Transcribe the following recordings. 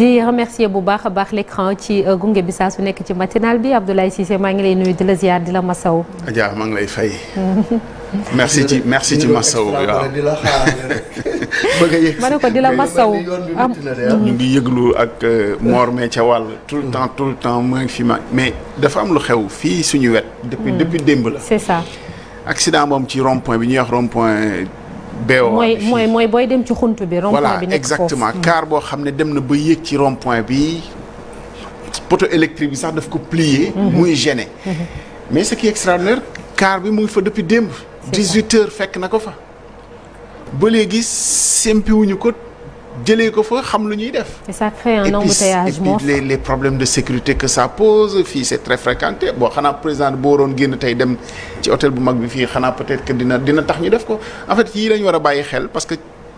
di remercier bu baax a baax l'écran ci euh, gunge bi saa su nekk ci matinal bi Abdoulaye Cissé maa ngi lay nuyu di la ziar di la masaw. Adja maa ngi lay fay. merci ci merci ci masaw waaw di la xaar rek. ma ne ko di la masaw ah. ñu ngi yëglu ak euh, Mor mais ca wàll. tout le temps tout le temps maa ngi mais dafa am lu xew fii suñu wet. depuis hmm. depuis démb la. c'est ça. accident moom ci rond bi ñuy wax rond BO mooy mooy mooy booy dem ci xunt bi. rond point bi nekk foofu voilà exactement hmm. car boo xam ne dem na ba yéeg ci rond bi poteau électrique bi sax daf ko plier. Hmm. Hmm. muy gêner. mais ce qui est extraordinaire car bi mu ngi fa depuis démb. 18 heures fekk na ko fa. ba léegi sempiwuñu ko. jëlee ko fa xam lu ñuy def. et ça crée un de sécurité que ça pose fii c'est très fréquenté bon xanaa président boo waroon génn tey dem ci hôtel bu mag bi fii xanaa peut-être que dina tax ñu def ko en fait yii lañ a bàyyi xel parce que.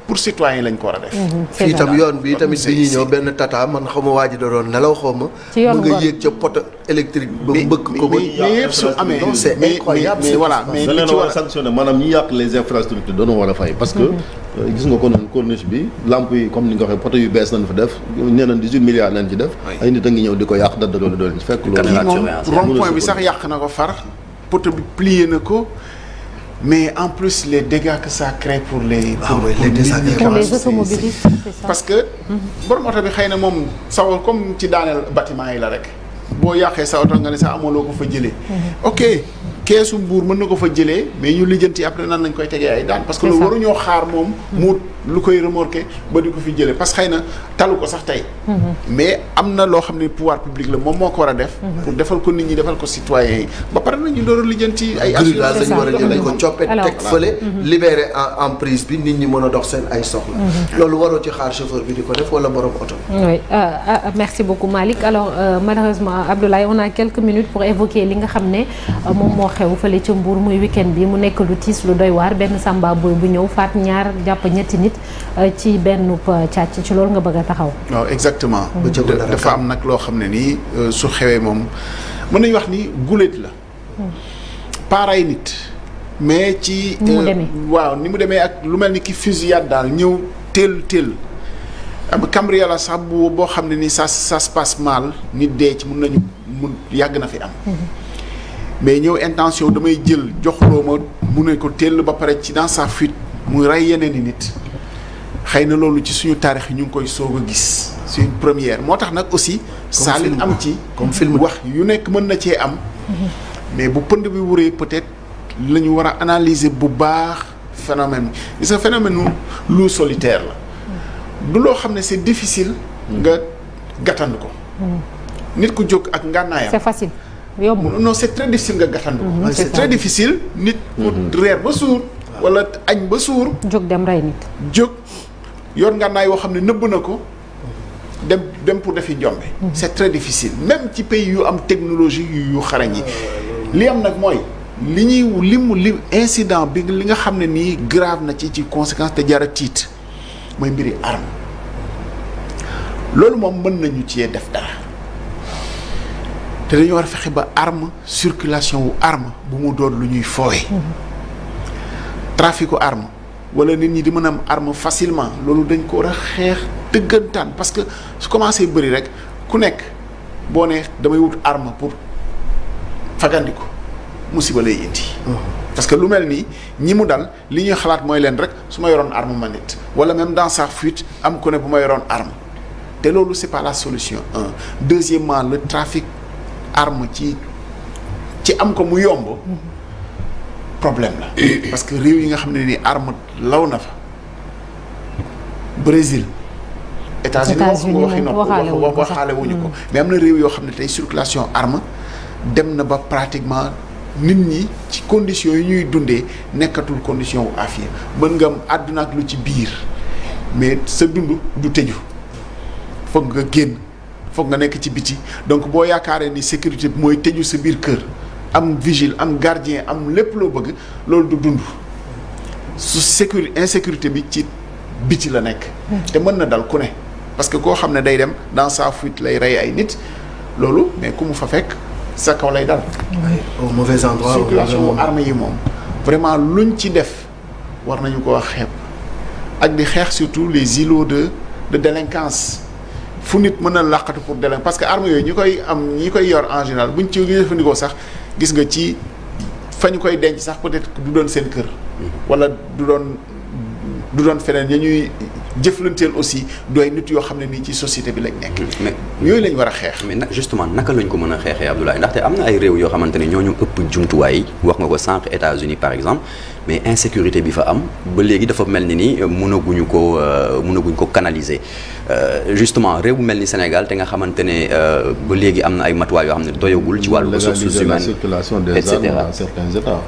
pour citoyen lañ ko war a def. Mhm, fii tam yoon bi tamit bi ñuy ñëw benn tata man xaw ma waa da doon nelaw xaw ma. mu nga yéeg ca poto électrique. ba mbëkk ko mais yëpp su amee. c'est incroyable mais voilà mais li ci a a Euh, gis nga ko noonu corniche bi lampe yi comme ni nga ko waxee yu bees nañ fa def nee nañ 18 milliards nañ ci def. ay nit a ngi ñëw di ko yàq dara loolu doole. fekk loolu kii bi sax yàq na ko far poto bi plié na ko. mais en plus les dégâts que ça pour les. pour ah ouais, pour les parce que. Mhm. borom oto bi xëy na moom sawal comme ci daaneel bâtiment yi la rek. boo yàqee sa oto nga ne sax amaloo ko fa jëlee. Mhm. ok keesu mbuur mën na ko fa jëlee mais ñu lijjanti après nan lañ koy tegee ay daan parce que loolu waruñoo xaar moom mu mm-hmm. lu koy remorqué ba di ko fi jëlee parce que na talu ko sax tey mm-hmm. mais am na loo xam ne pouvoir public la moom moo ko war a def mm-hmm. pour defal ko nit ñi defal ko citoyens yi ba pare na door a lijjanti ay assurance lañ war a ko coppe teg fële libéré en prise bi nit ñi mën a dox seen ay soxla loolu waroo ci xaar chauffeur bi di ko def wala euh, euh, euh, a quelques minutes xew fële ca Mbour muy week-end bi mu nekk lu tiis lu doy waar benn sàmba boy bu ñëw faat ñaar jàpp ñetti nit euh, ci benn euh, càcc ci loolu nga bëgg a taxaw. waaw exactement. Mm. dafa am nag loo xam ne nii euh, su xewee moom mën nañu wax ni guléet la. Mm. paaray nit. mais ci. ni waaw ni mu demee ak lu mel ni ki fusillade daal ñëw teel teel. am cambriolage sax bu boo xam ne nii ça ça se mal nit dee ci mun nañu mun yàgg na fi am. Mm-hmm. mais ñëw intention damay jël jox loo ma mu ne ko teel ba pare ci dans sa fuite muy rey yeneen yi nit xëy na loolu ci suñu taarix ñu ngi koy soog a gis c'est première moo tax nag aussi saalin am ci comme film wax yu nekk mën na cee am mais bu pënd bi wuree peut-être la ñu war a analyser bu baax phénomène bi sa phénomène lu solitaire la du loo xam ne c'est difficile nga gàttandu ko hmm. nit ku jóg ak ngànnaayam c'est yombul non c' très difficile nga gàttandu ko. Mhm, c' est très difficile nit. Mhm. reer ba suur. wala añ ba suur. jóg dem rey nit. jóg yor ngànnaay yoo xam ne nëbb na ko. Mhm. dem dem pour defi jombe. c' est très difficile même ci pays yu am technologie yu xarañ yi. li am nag mooy. li ñuy limu li incident bi li nga xam ne nii grave na ci ci conséquence te a tiit mooy mbiri arme loolu moom mën nañu cee def dara. te dañu war a fexe ba arme circulation wu arme bu mu doon lu ñuy foowe traficu arm wala nit ñi di mën a am arme facilement loolu dañ ko war xeex dëggantaan parce que su commencé bëri rek ku nekk boo ne damay wut arme pour fagandiku musiba lay indi. Mm-hmm. parce que lu mel nii ñi mu dal li ñuy xalaat mooy leen rek su ma yoroon arme ma nit wala même dans sa fuite am ko ne bu ma yoroon arme te loolu c'est pas la solution un deuxièmement la trafic. arme ci ci am ko mu yomb problème la parce que réew yi nga xam ne ni arme law na fa Brésil États-Unis wax nga waxi nopp waxaale wuñu ko mm-hmm. mais am na réew yoo xam ne tey circulation arme dem na ba pratiquement nit ñi ci conditions yi ñuy dundee nekkatul condition wu afia mën nga am àdduna ak lu ci biir mais sa dund du tëju foog nga génn foog nga nekk ci biti donc boo yaakaaree ni sécurité bi mooy tëju sa biir kër am vigile am gardien am lépp loo bëgg loolu du dund su sécurité insécurité bi ci biti la nekk. te mën na dal ku ne. parce que koo xam ne day dem dans sa fuite lay rey ay nit loolu mais ku mu fa fekk sa kaw lay dal. au mauvais endroit yi moom. vraiment luñ ci def war nañu ko wax xeeb ak di xeex surtout les îlots de de délinquance. fu nit mën a làqatu pour délai parce que arme yooyu ñi koy am ñi koy yor en général buñ ci jëfandikoo sax gis nga ci fa ñu koy denc sax peut-être du doon seen kër. Mhm. wala du doon du doon feneen ya ñuy jëflanteel aussi doy nit yoo xam ne nii ci société bi lañ nekk. mais yooyu lañ war a xeex. mais justement naka lañ ko mën a xeexee Abdoulaye ndaxte am na ay réew yoo xamante ne ñoo ñu ëpp jumtuwaay wax nga ko sànq États-Unis par exemple mais insécurité bi fa am ba léegi dafa mel ni ni euh, mënaguñu ko euh, mënaguñu ko canaliser euh, justement réew bu mel ni Sénégal te nga xamante ne ba léegi am na ay matuwaay yoo xam ne doyagul ci wàllu ressources humaines et cetera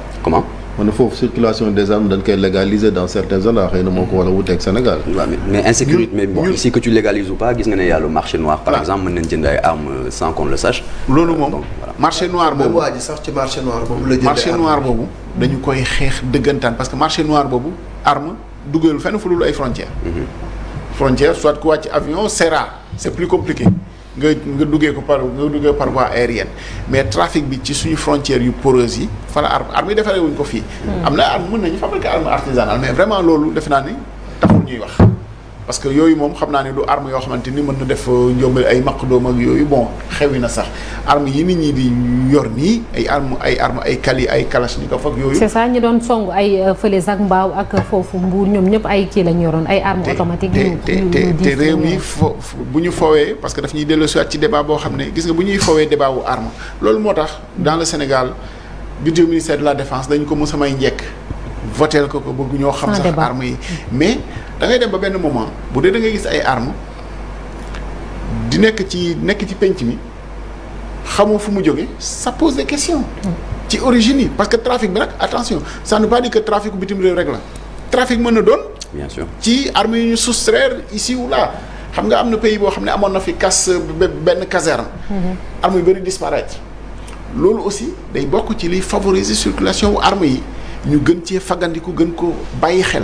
ma foofu circulation des armes dañ koy légaliser dans certains zones ah, xëy na moo ko war a wuteeg Sénégal. mais insécurité mais bon ici que a le marché noir. par ah. exemple mën nañ jënd ay euh, boobu waa ji boobu marché noir boobu dañu koy xeex dëggantaan parce que marché noir boobu arme duggalul fenn fu dul ay frontières. Mhm. frontières soit ku wàcc avion c'est rare c'est plus compliqué. nga nga duggee ko par nga duggee par voie aérienne mais trafic bi ci suñu frontières yu poreuses yi fa la arme arme yi defaree wuñ ko fii. Hmm. am na arme mun nañu fabriquer arme artisanale mais vraiment loolu defe naa ni taxul ñuy wax. parce que yooyu moom xam naa ne lu arme yoo xamante ni mën na def euh, njombal ay maq doom ak yooyu bon xewi na sax arm yi nit ñi di yor nii ay arme ay arme ay kali ay kalachnikov ak yooyu. c'est ça ñi doon song ay euh, fële sax mbaaw ak foofu mbuur ñoom ñëpp ay kii lañ yoroon ay armes automatiques. yu te te bu ñu fowee parce que daf ñuy dellu siwaat ci débat boo xam ne gis nga bu ñuy fowee débat wu arme loolu moo tax dans le Sénégal budget ministère de la défense dañ ko mos a may voteel ko ko bëgg ñoo xam sax armes yi mais da ngay dem ba benn moment bu dee da ngay gis ay armes di nekk ci nekk ci penc mi xamoo fu mu jóge ça pose question ci origine yi parce que trafic bi nag attention ça ne veut pas dire que trafic bitim réew rek la trafic mën na doon bien ci armes yi ñu soustraire ici ou xam nga am na pays boo xam ne amoon na fi casse benn caserne mhm. armes yu bëri disparaître loolu aussi day bokk ci liy favoriser circulation wu armes yi ñu gën cee fagandiku gën ko bàyyi xel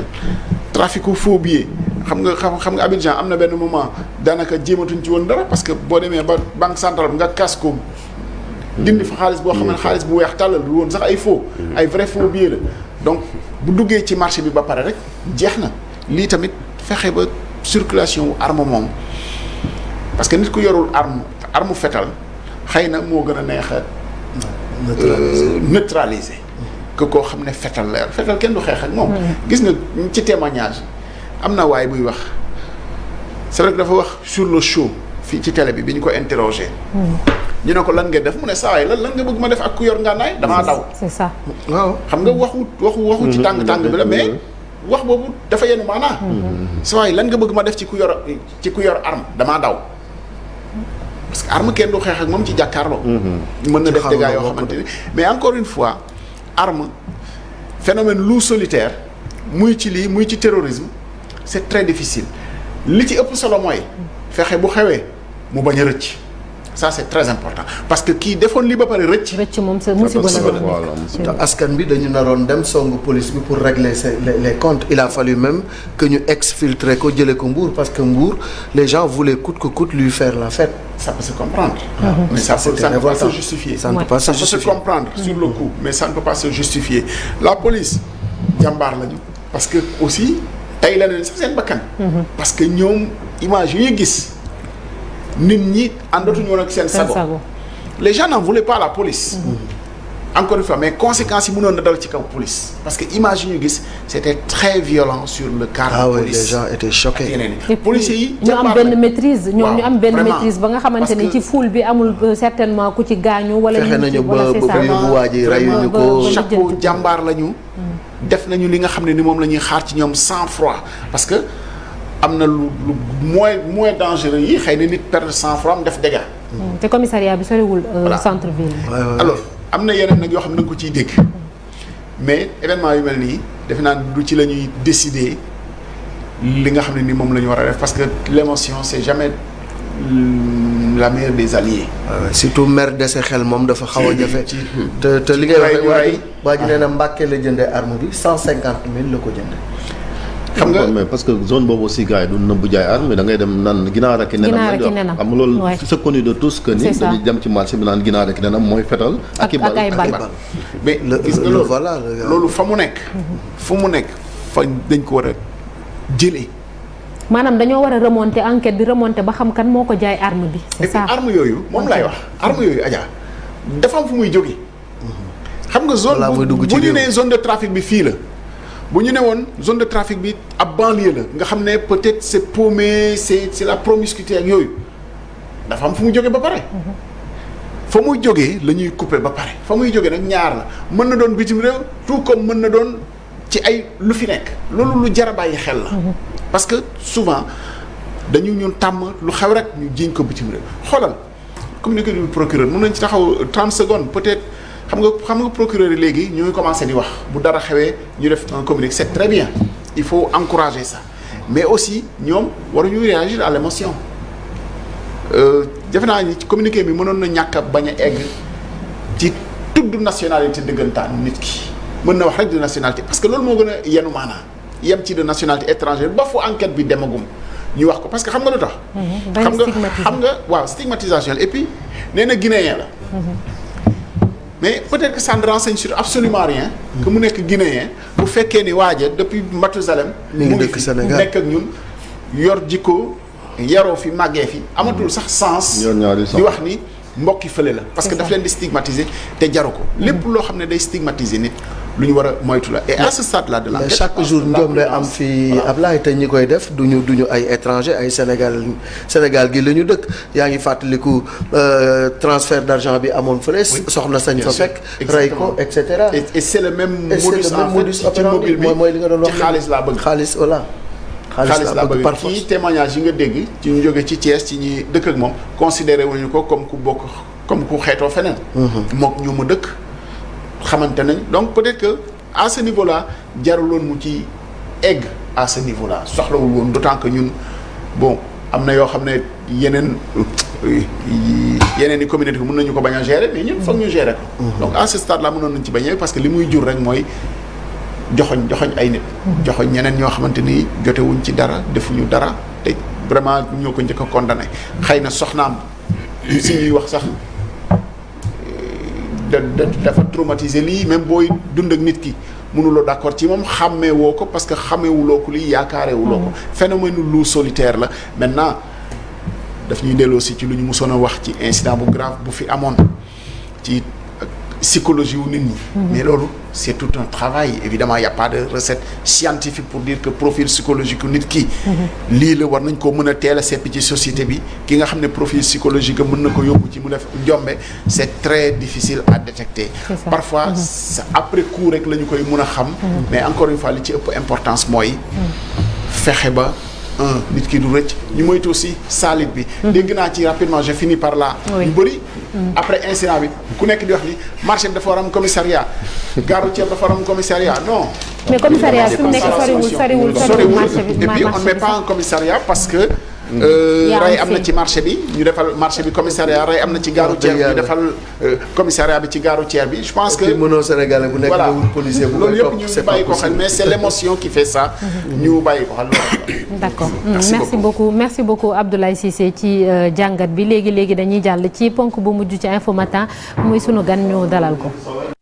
traficophobie xam nga xam nga Abidjan am na benn moment daanaka jéematuñ ci woon dara parce que boo demee ba banque centrale nga kas ko dindi fa xaalis boo xam ne mm. xaalis bu weex tàllal lu woon sax ay faux mm. ay vrai faux billets la donc bu duggee ci marché bi ba pare rek jeex na lii tamit fexe ba circulation wu arme moom parce que nit ku yorul arme arme fetal xëy na moo gën a neex a neutraliser euh, que koo xam ne fetal la yor fetal kenn du xeex ak moom. Hmm. gis nga ci témoignage am na waaye buy wax c'est vrai dafa wax sur le show fii ci télé bi bi ñu ko interroger. Hmm. ñu ne ko lan nga def mu ne saa waay lan lan nga bëgg ma def ak yor ngànnaay damaa hmm. daw. c'est ça waaw xam nga waxu waxu waxu ci tàng tàng bi wax boobu dafa yenu maanaa saa yi lan nga bëgg ma def ci ku yor ci ku yor arme damaa daw parce que arme kenn du xeex moom ci jàkkaarloo mën na def dégâts yoo mais encore une fois arme phénomène lu solitaire muy ci lii muy ci terrorisme c'est très difficile li ci ëpp solo mooy fexe bu xewee mu bañ a rëcc ça c'est très important parce que kii defoon li ba pare rëcc. rëcc moom sa musiba la askan bi dañu naroon dem songu police bi pour régler les il a fallu même que ñu exfiltrer ko jëlee ko Mbour parce que Mbour les gens voulaient coûte que coûte lui faire la fête. ça peut se comprendre. Ah, mhm. mais ça, peut mhm. se justifier. la police jàmbaar lañu parce que aussi tey la leen sax seen bakkan. Mhm. parce que ñoom image yi gis. nit ñi àndatuñu woon ak seen sago les gens n'en voulaient pas la police mm. Mm. encore une fois mais conséquences yi mënoon na dal ci kaw police parce que image yi ñu gis c'était très violent sur le car ah oui, les gens étaient choqués yi ñu am benn maîtrise ñoom ñu am benn maîtrise ba nga xamante ne ci foule bi amul euh, certainement ku ci gaañu wala fexe nañu ba bu waaji rayuñu ko chaque jàmbaar lañu mm. def nañu li nga xam ne ni moom la ñuy xaar ci ñoom cent froid parce que am na lu lu moins moins dangereux yi xëy na nit perdre cent francs def dégâts. Hmm. te commissariat bi soriwul. Euh, centre ville. alors am na yeneen nag yoo xam ne da nga ko ciy dégg. mais événement yu mel nii def naa du ci la ñuy décider li nga xam ne ni moom la ñu war a def parce que l'émotion c'est jamais la meilleure des alliés. surtout mer de xel moom dafa xaw a jafe. te te li ngay wax rek waa ji nee na ah. Mbàkke la jëndee arme bi cent cinquante mille la ko jëndee. xam nga mais parce que zone boobu aussi gars yi du nëbbu jaay arme da ngay dem naan ginaar ak i nenam. ginaar ak i nenam am loolu c'est connu de tous que ni dañuy dem ci marché bi naan ginaar ak i nenam mooy fetal. ak ak ay bal mais gis nga loolu voilà loolu fa mu nekk. Mhm. fa mu nekk fa dañ ko war a jëlee. maanaam dañoo war a remonter enquête bi remonter ba xam kan moo ko jaay arme bi. c'est ça arme yooyu moom laay wax arme yooyu Adja dafa am fu muy jógee. Mhm. xam nga zone bu ñu nee zone de trafic bi fii la. bu ñu ne woon zone de trafic bi ab banlieue la nga xam ne peut-être c'est paumé c'est c'est la promiscuité ak yooyu dafa am fu mu jógee ba pare. fa muy jógee la ñuy couper ba pare fa muy jógee nag ñaar la mën na doon bitim réew tout comme mën na doon ci ay lu fi nekk loolu lu jar a bàyyi xel la. Mhm. parce que souvent dañu ñun tàmm lu xew rek ñu jiñ ko bitim réew xoolal communiqué du procureur mën nañ ci taxaw 30 secondes peut-être. xam nga xam nga procureur yi léegi ñu ngi commencé di wax bu dara xewee ñu def un communiqué c'est très bien il faut encourager ça mais aussi ñoom waruñu réagir à l'émotion euh, defe naa ni communiqué bi mënoon na ñàkk a bañ egg ci tudd nationalité dëggantaan nit mën na wax rek de nationalité parce que loolu moo gën a yenu maanaa yem ci de nationalité étrangère ba fu enquête bi demagum ñu wax ko parce que xam nga lu tax. Mhm. xam nga xam nga waaw stigmatisation et puis nee na guinéen la. Mhm. mais peut-être que ça ne renseigne absolument rien. que mu nekk guinéen bu fekkee ni waaja depuis Mathusalem. mu ngi dëkk Sénégal nekk ak ñun yor jikko yaroo fi màggee fi amatul sax sens. di wax ni mbokki fële la. parce que daf leen di stigmatiser te jaru ko. lépp loo xam ne day stigmatiser nit. lu ñu war a moytu la et à ce stade là de l'enquête chaque jour njoom lay am fii Ablaye te ñi koy def du ñu du ñu ay étranger ay Sénégal Sénégal gi la ñu dëkk yaa ngi fàttaliku euh, transfert d'argent bi amoon fële soxna sañ fa fekk rey ko et cetera et c'est le même modus operandi mooy mooy li nga doon wax xaalis laa bëgg xaalis voilà xaalis laa bëgg parfois kii témoignage yi nga dégg ci ñu jóge ci Thiès ci ñi dëkk ak moom considéré wuñu ko comme ku bokk comme ku xeetoo feneen mm-hmm. mook ñu ma dëkk xamante nañ donc peut-être que à ce niveau là jaruloon mu ci egg à ce niveau là soxlawul woon d'autant que ñun bon am na yoo xam ne yeneen yeneen i communauté bi mun nañu ko bañ a gérer mais ñun foog ñu gérer ko. Mhm. donc à ce stade là mënoon nañ ci bañ parce que li muy jur rek mooy joxoñ joxoñ ay nit. Mhm. joxoñ ñeneen ñoo xamante ni jotewuñ ci dara defuñu dara te vraiment ñoo ko njëkk a condamné xëy na soxnaam si ñuy wax sax. dafa traumatiser lii même booy dund ak nit ki mënuloo d'accord ci moom xàmmee woo ko parce que xàmmeewuloo ko lii yaakaarewuloo ko mm. phénomène lu solitaire la maintenant daf ñuy delloo si ci lu ñu musoon a wax ci incident bu grave bu fi amoon ci psychologie wu nit ñi. mais loolu c'est tout un travail évidemment il a pas de recette scientifique pour dire que profil psychologique yu nit kii. lii la war nañ ko mën a teel a seppi ci société bi ki nga xam ne profil psychologique mën na ko yóbbu ci mu def njombe c'est très difficile à détecter. parfois mm-hmm. après coup rek la koy mën a xam. Mm-hmm. mais encore une fois li ci ëpp importance mooy. fexe ba. nit ki du rëcc ñu moytu aussi salit bi. Mm-hmm. dégg naa ci rapidement Mm. après incident bi ku nekk di wax ni marché bi dafa war commissariat gare routière dafa commissariat non. mais commissariat fi nekk soriwul soriwul soriwul marché bi et puis on pas un commissariat parce que. Euh, mm-hmm. rey am na ci marché bi ñu defal marché bi commissariat rey am na ci gaaru ceer bi ñu defal euh, commissariat bi ci gaaru ceer bi je pense que mënoo sénégalais bu nekk nga wut policier bu loolu yëpp ñu bàyyi ko xel mais c'est l'émotion qui fait ça mm-hmm. ñu bàyyi ko xel loolu d'accord merci mm, beaucoup merci beaucoup Abdoulaye Cissé ci euh, jàngat bi léegi léegi dañuy jàll ci ponk bu mujj ci info matin muy sunu gan ñu dalal ko